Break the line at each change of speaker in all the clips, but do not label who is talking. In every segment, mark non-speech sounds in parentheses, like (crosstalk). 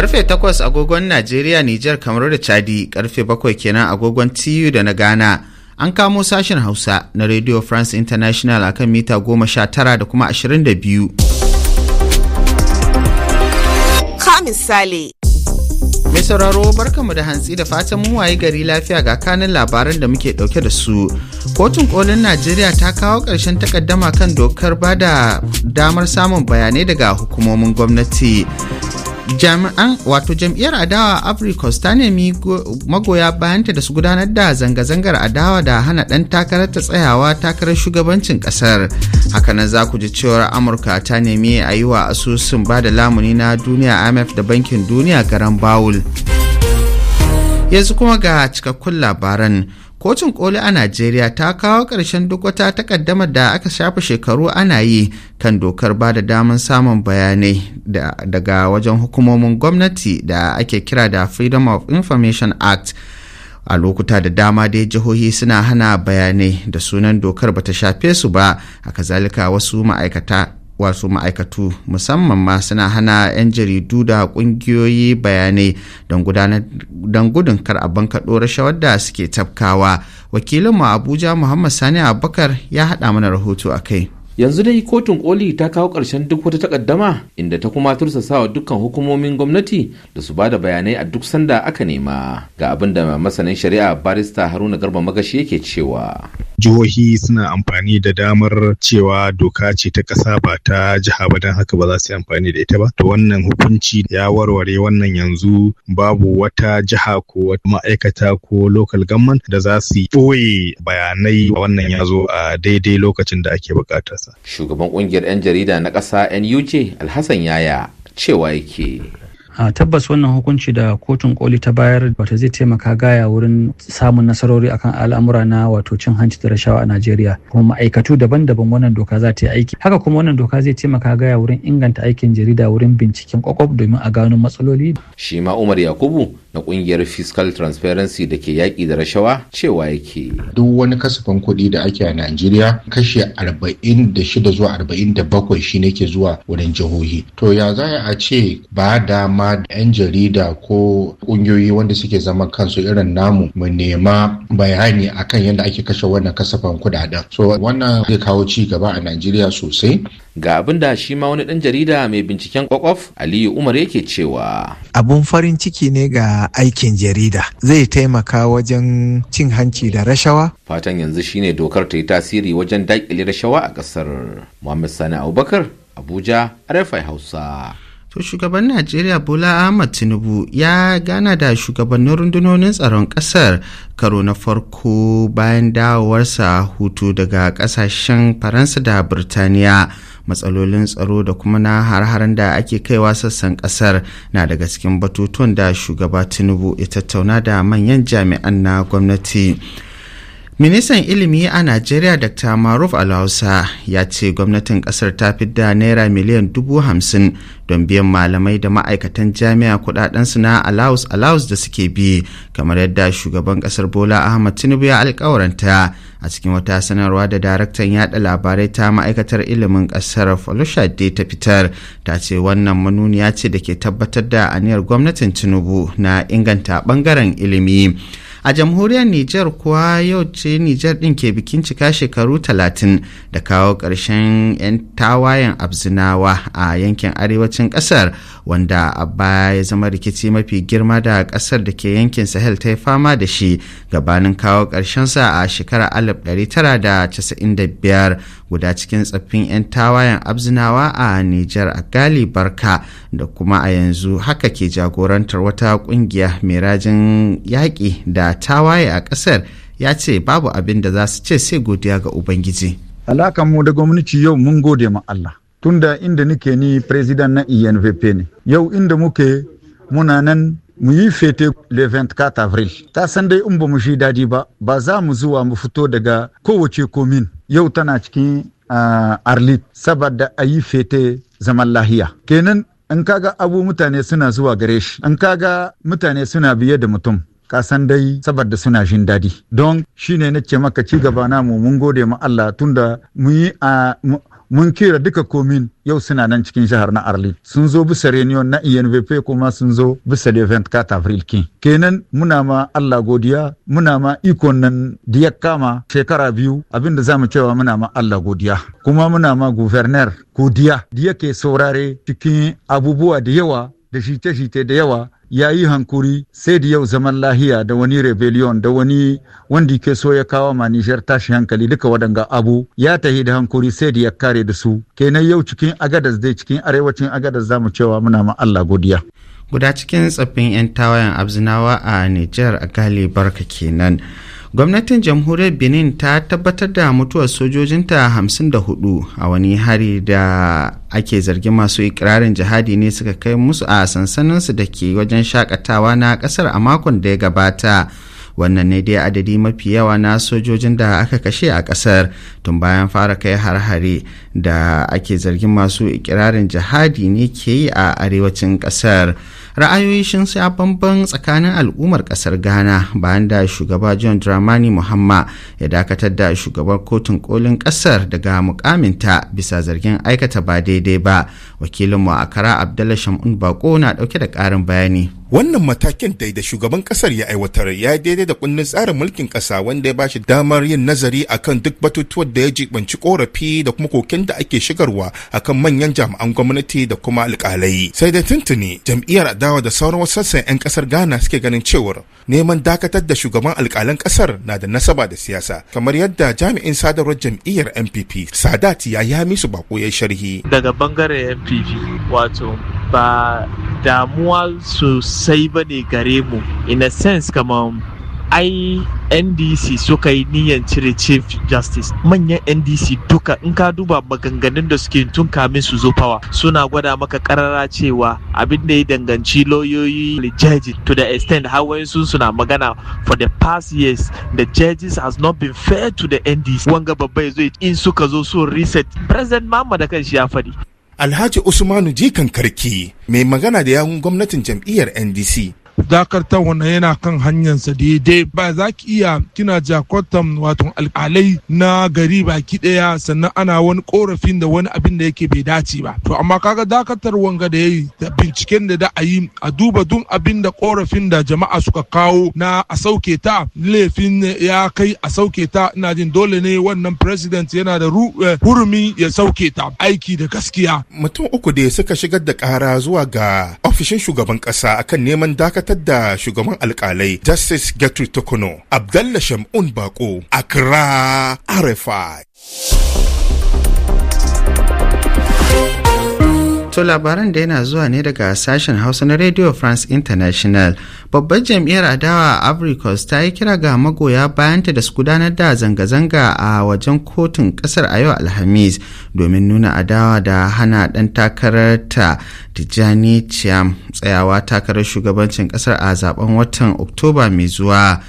Karfe takwas agogon Najeriya, Nijar, kamar da Chadi, karfe bakwai kenan agogon TU da na Ghana. An kamo sashen Hausa na Radio France International akan mita goma sha tara da kuma ashirin da biyu.
Ka misali.
Mai sauraro barkamu da hantsi da fatan mu waye gari lafiya ga kanin labaran da muke dauke da su. Kotun kolin Najeriya ta kawo ƙarshen takaddama kan dokar bada damar samun bayanai daga hukumomin gwamnati. jami'an wato jam'iyyar adawa africos ta nemi magoya bayanta da su gudanar da zanga-zangar adawa da hana ɗan takarar ta tsayawa takarar shugabancin ƙasar hakanan za ku ji cewar amurka ta nemi a yi wa asusun ba da lamuni na duniya imf da bankin duniya garan bawul yanzu kuma ga cikakkun labaran kotun koli a najeriya ta kawo ƙarshen duk wata takaddama da aka shafa shekaru ana yi kan dokar ba da damar samun bayanai daga wajen hukumomin gwamnati da ake kira da freedom of information act a lokuta da dama dai jihohi suna hana bayanai da sunan dokar bata shafe su ba a kazalika wasu ma'aikata wasu ma'aikatu musamman ma suna hana 'yan jaridu da kungiyoyi bayanai don gudun kar a bankaɗo rashawar da suke tafkawa wakilinmu abuja muhammad sani abubakar ya haɗa mana rahoto a kai
yanzu dai kotun koli ta kawo ƙarshen duk wata takaddama inda ta kuma wa dukkan hukumomin gwamnati da su bada bayanai a duk sanda aka nema ga abin da masanin shari'a barista haruna garba magashi yake cewa
jihohi suna amfani da damar cewa doka ce ta ƙasa ba ta jiha ba don haka ba za su yi amfani da ita ba to wannan hukunci ya warware wannan yanzu babu wata jiha ko wata ma'aikata ko local government da za su ɓoye
bayanai wannan ya zo a daidai lokacin da ake bukata shugaban kungiyar 'yan jarida na ƙasa nuj alhassan yaya cewa yake
a tabbas wannan hukunci da kotun koli ta bayar wata zai taimaka gaya wurin samun nasarori akan al'amura na wato cin hanci da rashawa a najeriya kuma ma'aikatu daban-daban wannan doka za ta yi aiki haka kuma wannan doka zai
taimaka gaya wurin inganta aikin jarida wurin binciken kwakwab domin a gano matsaloli
shi ma umar yakubu na kungiyar fiscal transparency da ke yaƙi da rashawa cewa yake
duk
wani kasafin kuɗi da ake a najeriya kashe arba'in da shida zuwa arba'in da shi
ne ke zuwa wurin jihohi to ya za a ce ba dama 'yan jarida ko ƙungiyoyi wanda suke zama kansu irin namu mu nema bayani akan yadda ake kashe wannan kasafan kudaden so wannan zai kawo ci gaba a najeriya sosai ga abin
da shi ma wani ɗan jarida mai binciken kwakwaf aliyu umar yake cewa
abun farin ciki ne ga aikin jarida zai taimaka wajen cin hanci da rashawa
fatan yanzu shine dokar ta yi tasiri wajen daƙile rashawa a ƙasar muhammad sani abubakar abuja rfi hausa
shugaban Najeriya Bola Ahmad Tinubu ya gana da shugabannin rundunonin tsaron kasar karo na farko bayan dawowarsa hutu daga kasashen Faransa da Birtaniya. Matsalolin tsaro da kuma na har-haren da ake kaiwa sassan kasar na daga cikin batutuwan da shugaba Tinubu ya tattauna da manyan jami'an na gwamnati. Ministan ilimi a Najeriya Dr. Maruf Alhausa ya ce gwamnatin kasar ta fi da naira miliyan dubu hamsin don biyan malamai da ma'aikatan jami'a kudadensu na allowance allowance da suke bi kamar yadda shugaban kasar Bola Ahmad Tinubu ya alkawaranta a cikin wata sanarwa da daraktan yada labarai ta ma'aikatar ilimin kasar Folshade ta fitar ta ce wannan manuniya ce da ke tabbatar da aniyar gwamnatin Tinubu na inganta bangaren ilimi. a jamhuriyar Nijar, kuwa yau ce niger din ke bikin cika shekaru talatin, da kawo ƙarshen 'yan tawayen abzinawa a yankin arewacin ƙasar wanda a baya ya zama rikici mafi girma da ƙasar da ke yankin sahel ta yi fama da shi gabanin kawo sa a shekarar 1995 guda cikin tsaffin 'yan tawayen abzinawa a Nijar a gali barka da kuma a yanzu haka ke jagorantar wata ƙungiya mai rajin yaƙi da ta tawaye a ƙasar ya ce babu abin da za su ce sai godiya ga ubangiji alakan mu da gwamnati yau mun gode ma Allah
tunda inda nike ni president na ENVP ne yau inda muke muna nan mu yi fete le 24 avril ta san dai in ba mu shi dadi ba ba za mu zuwa mu fito daga kowace komin yau tana cikin uh, arlit saboda a yi fete zaman lahiya kenan in kaga abu mutane suna zuwa gare shi in kaga mutane suna biye da mutum ka san dai saboda suna jin daɗi don shine na ce maka ci gaba mu. mun gode ma Allah tunda mun yi a mun kira duka komin yau suna nan cikin jihar na Arlin sun zo bisa reunion na ENVP kuma sun zo bisa da 24 Avril kin kenan muna ma Allah godiya muna ma ikon nan da ya kama shekara biyu abinda zamu cewa muna ma Allah godiya kuma muna ma governor godiya da yake saurare cikin abubuwa da yawa da shite-shite da yawa ya yi hankuri sai da yau zaman lahiya da wani rebellion da wani wanda ke so ya kawo ma Niger tashi hankali duka wadanga abu ya tahi da hankuri sai da ya kare da su kenan yau cikin
agadas dai cikin arewacin agadas zamu cewa muna ma Allah godiya guda cikin tsaffin 'yan tawayan abzinawa a niger a gali barka kenan gwamnatin jamhuriyar benin ta tabbatar da mutuwar sojojinta 54 a wani hari da ake zargin masu ikirarin jihadi ne suka kai musu a sansaninsu da ke wajen shakatawa na kasar a makon da ya gabata wannan ne dai adadi mafi yawa na sojojin da aka kashe a kasar tun bayan fara kai har-hare da ake zargin masu ikirarin jihadi ne ke yi a arewacin kasar ra'ayoyi sun sha bamban tsakanin al'ummar kasar ghana bayan da shugaba john dramani muhamma ya dakatar da shugaban kotun kolin kasar daga mukaminta bisa zargin aikata ba daidai ba wakilinmu a kara abdullah shamun bako na dauke da karin bayani wannan
matakin dai da shugaban kasar ya aiwatar ya daidai da kundin tsarin mulkin kasa wanda ya ba shi damar yin nazari akan duk batutuwan da ya jibanci korafi da kuma koken da ake shigarwa akan manyan jami'an gwamnati da kuma alkalai sai da tuntuni jam'iyyar adawa da sauran wasu sassan 'yan kasar ghana suke ganin cewar neman dakatar da shugaban alkalan kasar na da nasaba da siyasa kamar yadda jami'in sadarwar jam'iyyar npp sadat ya yami su bako ya sharhi daga
bangaren npp wato ba damuwa
sosai sosai ba
ne gare mu in a sense kamar ai ndc suka yi niyan cire chief justice manyan ndc duka in ka duba maganganun da suke tun kamin su zo fawa suna gwada maka karara cewa abin da ya danganci lauyoyi judges to the extent har sun suna magana for the past years the judges has not been fair
to the ndc wanga babba ya zo in suka zo so reset president mama da kan ya faɗi Alhaji Usmanu Jikan Karki mai magana da yawun gwamnatin jam'iyyar NDC
dakatar wannan yana kan hanyarsa daidai ba za ki iya kina jakotan wato alkalai na gari baki daya sannan ana wani korafin da wani abin da yake bai dace ba to amma kaga dakatar wanga da yayi da binciken da da a yi a duba duk abin da korafin da jama'a suka kawo na a sauke ta laifin ya kai a sauke ta ina jin dole ne wannan president yana da eh, hurumi ya sauke ta aiki da gaskiya
mutum uku da suka shigar da kara zuwa ga ofishin shugaban kasa akan neman dakatar gabatar da shugaban alkalai Justice Gertrude Tokono, Abdallah Shamun Bako, Accra, arefa.
To labaran da yana zuwa ne daga sashen Hausa na Radio France International. Babbar jam'iyyar adawa Ivory Coast ta yi kira ga magoya bayanta da su gudanar da zanga-zanga a wajen kotun kasar a yau Alhamis domin nuna adawa da hana ɗan takararta tijani Chiam tsayawa takarar shugabancin kasar a zaben watan Oktoba mai zuwa.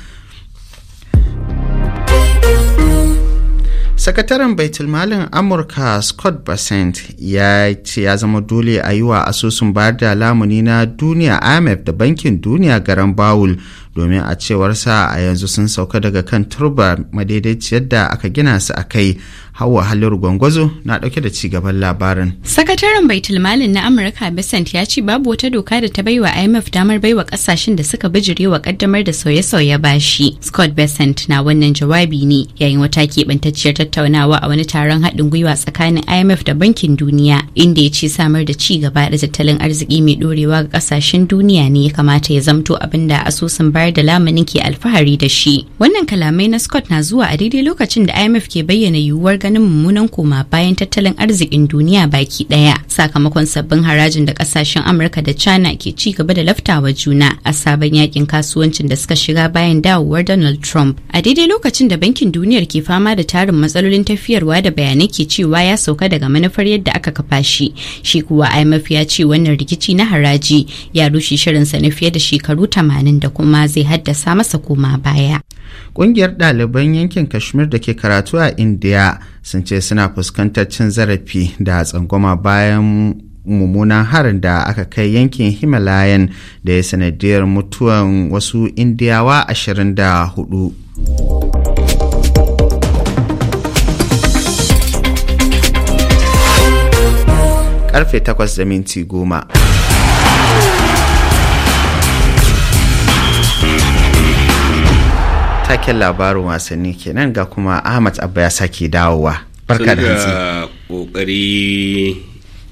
sakataren baitulmalin amurka scott bassent ya ce ya zama dole a yi wa asusun bayar da lamuni na duniya imf da bankin duniya garan bawul domin a cewarsa a yanzu sun sauka daga kan turba madaidaiciyar da aka gina su a kai Hawa halar Gwangwazo na ɗauke da cigaban labarin.
Sakataren baitulmalin na Amurka Besant ya ce babu wata doka da ta baiwa IMF damar baiwa kasashen da suka bijirewa kaddamar da sauye-sauye bashi. Scott Besant na wannan jawabi ne yayin wata keɓantacciyar tattaunawa a wani taron haɗin gwiwa tsakanin IMF da Bankin Duniya inda ya ce samar da ci gaba da tattalin arziki mai ɗorewa ga kasashen duniya ne ya kamata ya zamto abin da asusun bayar da lamunin ke alfahari da shi. Wannan kalamai na Scott na zuwa a daidai lokacin da IMF ke bayyana yiwuwar sanin mummunan koma bayan tattalin arzikin duniya baki daya sakamakon sabbin harajin da kasashen Amurka da China ke ci gaba da laftawa juna a sabon yakin kasuwancin da suka shiga bayan dawowar Donald Trump. A daidai lokacin da bankin duniyar ke fama da tarin matsalolin tafiyarwa da bayanai ke cewa ya sauka daga manufar yadda aka kafa shi. Shi kuwa IMF ya ce wannan rikici na haraji ya rushe shirinsa na fiye da shekaru tamanin da kuma zai haddasa masa koma baya.
Ƙungiyar ɗaliban yankin Kashmir da ke karatu a Indiya sun ce suna fuskantar cin zarafi da tsangwama bayan mummunan harin da aka kai yankin Himalayan da ya sanadiyar mutuwan wasu Indiyawa 24. karfe 8 da minti goma. taken labarin wasanni kenan ga kuma ahmad abba ya sake dawowa barka da hantsi
kokari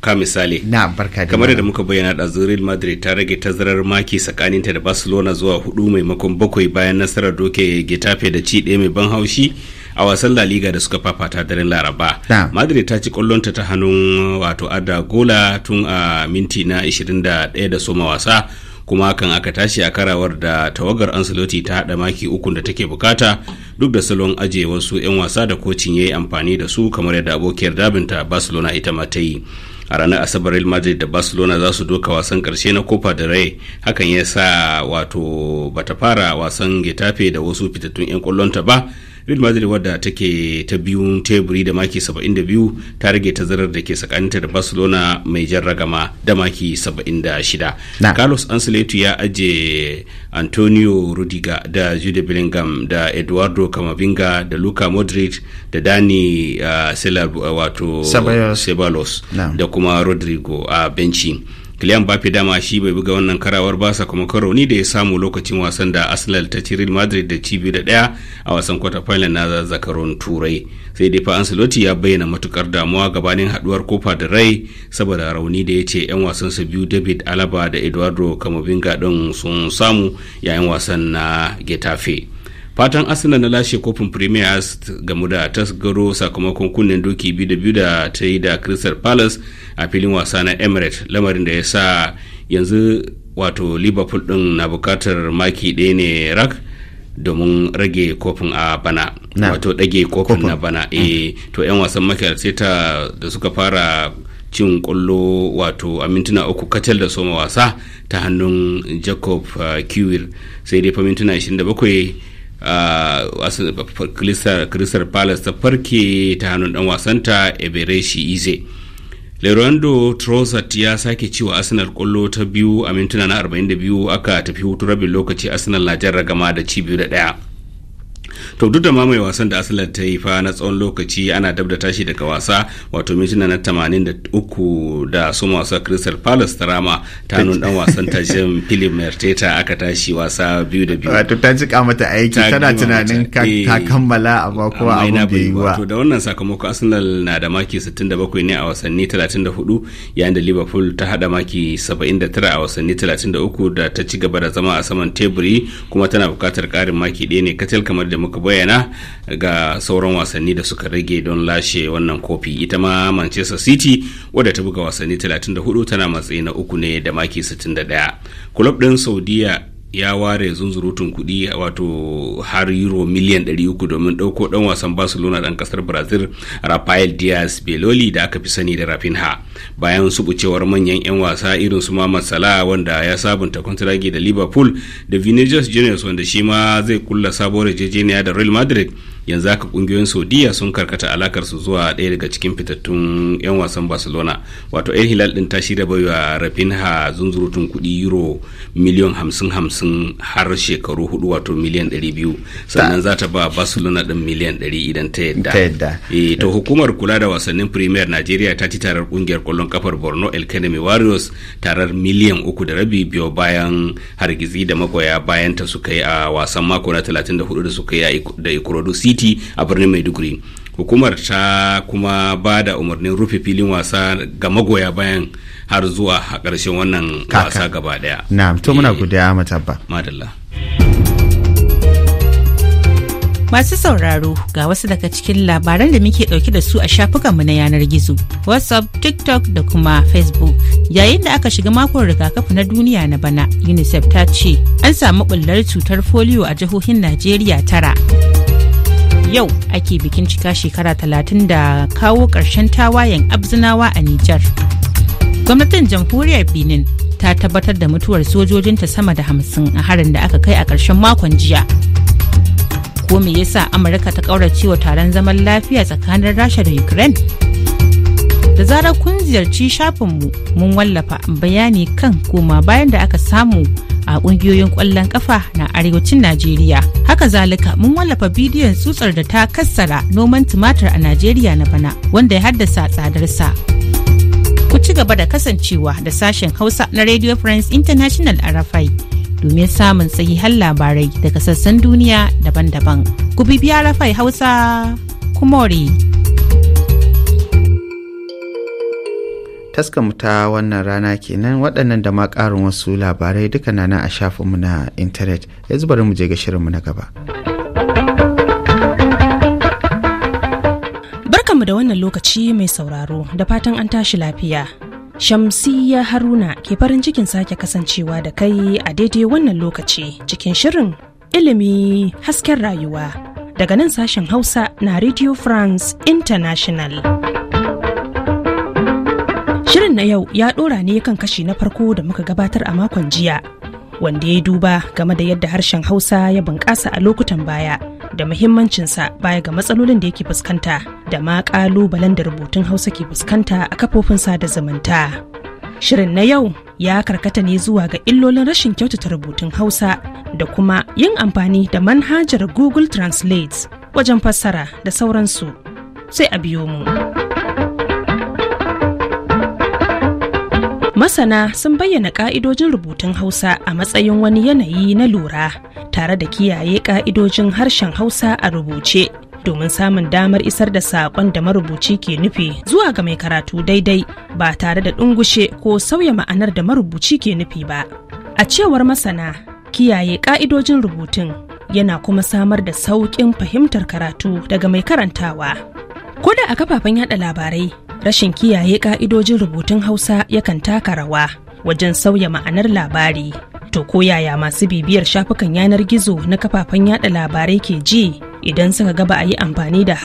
ka misali na barka da kamar da muka bayyana da real madrid ta rage tazarar maki tsakaninta da barcelona zuwa hudu maimakon bakwai bayan nasarar doke getafe da ci ɗaya mai ban haushi a wasan La Liga da suka fafata daren Laraba. Madrid ta ci kwallonta ta hannun wato Ada Gola tun a minti na 21 da soma wasa kuma hakan aka tashi a karawar da tawagar ansaloti ta haɗa maki ukun da take bukata duk da salon aje wasu 'yan wasa da kocin ya yi amfani da su kamar yadda abokiyar dabinta barcelona ita ma ta yi a ranar asabar real madrid da barcelona za su doka wasan karshe na copa del rey hakan ya sa wato bata fara wasan getafe da wasu fitattun 'yan kwallonta ba real madrid wadda take ta biyu teburi da maki 72 ta rage tazarar da ke tsakaninta da barcelona mai jan ragama da maki 76 carlos ancelotti ya aje antonio rudiga da jude bellingham da eduardo camavinga da luka modric da dani uh, ceballos da kuma rodrigo a benci Kylian Mbappe dama shi bai buga wannan karawar basa ba karo rauni da ya samu lokacin wasan da Arsenal ta ci Real Madrid da cibi da ɗaya a wasan kwata final na zakarun Turai. Sai dai fa Ancelotti ya bayyana matukar damuwa gabanin haduwar kofa da rai saboda rauni da ya ce 'yan wasan su biyu David Alaba da Eduardo Camavinga din sun samu yayin wasan na Getafe. fatan arsenal na lashe kofin premier gamu da tasgaro sakamakon kunnen doki biyu da biyu da ta yi da crystal palace a filin wasa na emirates lamarin da ya sa yanzu wato liverpool din na bukatar maki ɗaya ne rak domin rage kofin a bana wato ɗage kofin na bana e to 'yan wasan makiyar ta da suka fara cin kwallo wato a mintuna uku kacal da soma wasa ta hannun jacob eh, kiwil sai dai fa mintuna 27 Crystal Palace ta farke ta hannun dan wasanta Ebereshi Ize. Lerando Trossard ya sake cewa Arsenal kwallo ta biyu a mintuna na 42 aka tafi hutu rabin lokaci Arsenal na jan ragama da ci biyu da ɗaya. to duk da mamaye wasan da asalar ta yi fa na tsawon lokaci ana dab da tashi daga wasa wato mintuna na tamanin da uku da sun wasa crystal palace ta rama ta nun dan wasan ta jim (laughs) philip merteta aka tashi wasa biyu da biyu wato
ta jika mata aiki tana tunanin ta kammala amma ko abin da yi wato
da wannan sakamako arsenal na da maki 67 ne a wasanni 34 yayin da liverpool ta hada maki 79 a wasanni 33 da ta ci gaba da zama a saman teburi kuma tana bukatar karin maki ɗaya ne kacal kamar da muka bayyana ga sauran wasanni da suka rage don lashe wannan kofi ita ma manchester city wadda ta buga wasanni 34 tana matsayi na uku ne da maki 61 kulob din saudiya ya ware zunzurutun kuɗi wato har euro miliyan 300 domin ɗauko ɗan wasan barcelona ɗan ƙasar brazil rafael diaz beloli da aka fi sani da rafinha bayan subucewar manyan 'yan wasa irin su mamad salah wanda ya sabunta kwantiragi da liverpool da vinicius juniors wanda shi ma zai kulla sabuwar yarjejeniya da real madrid yanzu haka kungiyoyin saudiya sun karkata alakar su zuwa ɗaya daga cikin fitattun 'yan wasan barcelona wato yan hilal din ta shirya baiwa rafinha zunzurutun kuɗi euro miliyan hamsin hamsin har shekaru hudu wato miliyan ɗari biyu sannan za ta ba barcelona ɗin miliyan ɗari idan ta yadda e, to hukumar kula da wasannin premier najeriya ta ci tarar kungiyar kwallon kafar borno el kanemi warriors tarar miliyan uku da rabi biyo bayan hargitsi da magoya bayan ta suka yi a wasan mako na 34 da suka yi da ikorodu city titi a birnin maiduguri hukumar ta kuma ba da umarnin rufe filin wasa ga magoya bayan har zuwa a ƙarshen wannan wasa gaba daya
na'am to muna eh, godiya matabba
madalla
Masu sauraro ga wasu daga cikin labaran da muke ɗauke da su a shafukanmu na yanar gizo, WhatsApp, TikTok da kuma Facebook. Yayin da aka shiga makon rigakafi na duniya na bana, UNICEF ta ce an samu bullar cutar foliyo a jihohin Najeriya tara. yau ake bikin cika shekara talatin da kawo ƙarshen tawayen abzinawa a Nijar. Gwamnatin jamhuriyar Benin ta tabbatar da mutuwar sojojinta sama da hamsin a harin da aka kai a ƙarshen makon jiya. Ko me yasa Amurka ta wa taron zaman lafiya tsakanin Rasha da Ukraine? Da zarar kun ziyarci shafinmu mun wallafa bayani kan koma bayan da aka samu a kungiyoyin kwallon kafa na arewacin Najeriya. Haka zalika mun wallafa bidiyon tsutsar da ta kassara noman tumatir a Najeriya na bana wanda ya haddasa tsadarsa. Ku ci gaba da kasancewa da sashen Hausa na Radio France International a Rafai domin samun har labarai daga sassan duniya daban-daban. Ku bibiya Rafai Hausa Kumori.
taskamu ta wannan rana kenan waɗannan da ma ƙarin wasu labarai duka na a shafinmu na intanet yanzu bari mu je ga shirinmu na gaba.
Barkanmu da wannan lokaci mai sauraro da fatan an tashi lafiya. Shamsiyya Haruna ke farin cikin sake kasancewa da kai a daidai wannan lokaci cikin shirin ilimi hasken rayuwa daga nan sashen Hausa na Radio France International. Shirin na yau ya ɗora ne kan kashi na farko da muka gabatar a makon jiya, wanda ya duba game da yadda harshen Hausa ya bunƙasa a lokutan baya da muhimmancinsa baya ga matsalolin da yake fuskanta da ma ƙalubalen da rubutun Hausa ke fuskanta a kafofin sada zumunta. Shirin na yau ya karkata ne zuwa ga illolin rashin kyautata rubutun Hausa da kuma yin amfani da manhajar Google Translate wajen fassara da sauransu. Sai a biyo mu. Masana sun bayyana ƙa'idojin rubutun Hausa a matsayin wani yanayi na lura tare da kiyaye ƙa'idojin harshen Hausa a rubuce domin samun damar isar da saƙon da marubuci ke nufi zuwa ga mai karatu daidai ba tare da ɗungushe ko sauya ma'anar da marubuci ke nufi ba. A cewar masana, kiyaye ƙa'idojin rubutun yana kuma samar da sauƙin fahimtar karatu daga mai karantawa. Ko da a kafafen yada labarai rashin kiyaye ka'idojin rubutun hausa yakan taka rawa wajen sauya ma'anar labari to ko yaya masu bibiyar
shafukan yanar gizo na kafafen yada labarai ke ji idan suka ga ba a yi amfani da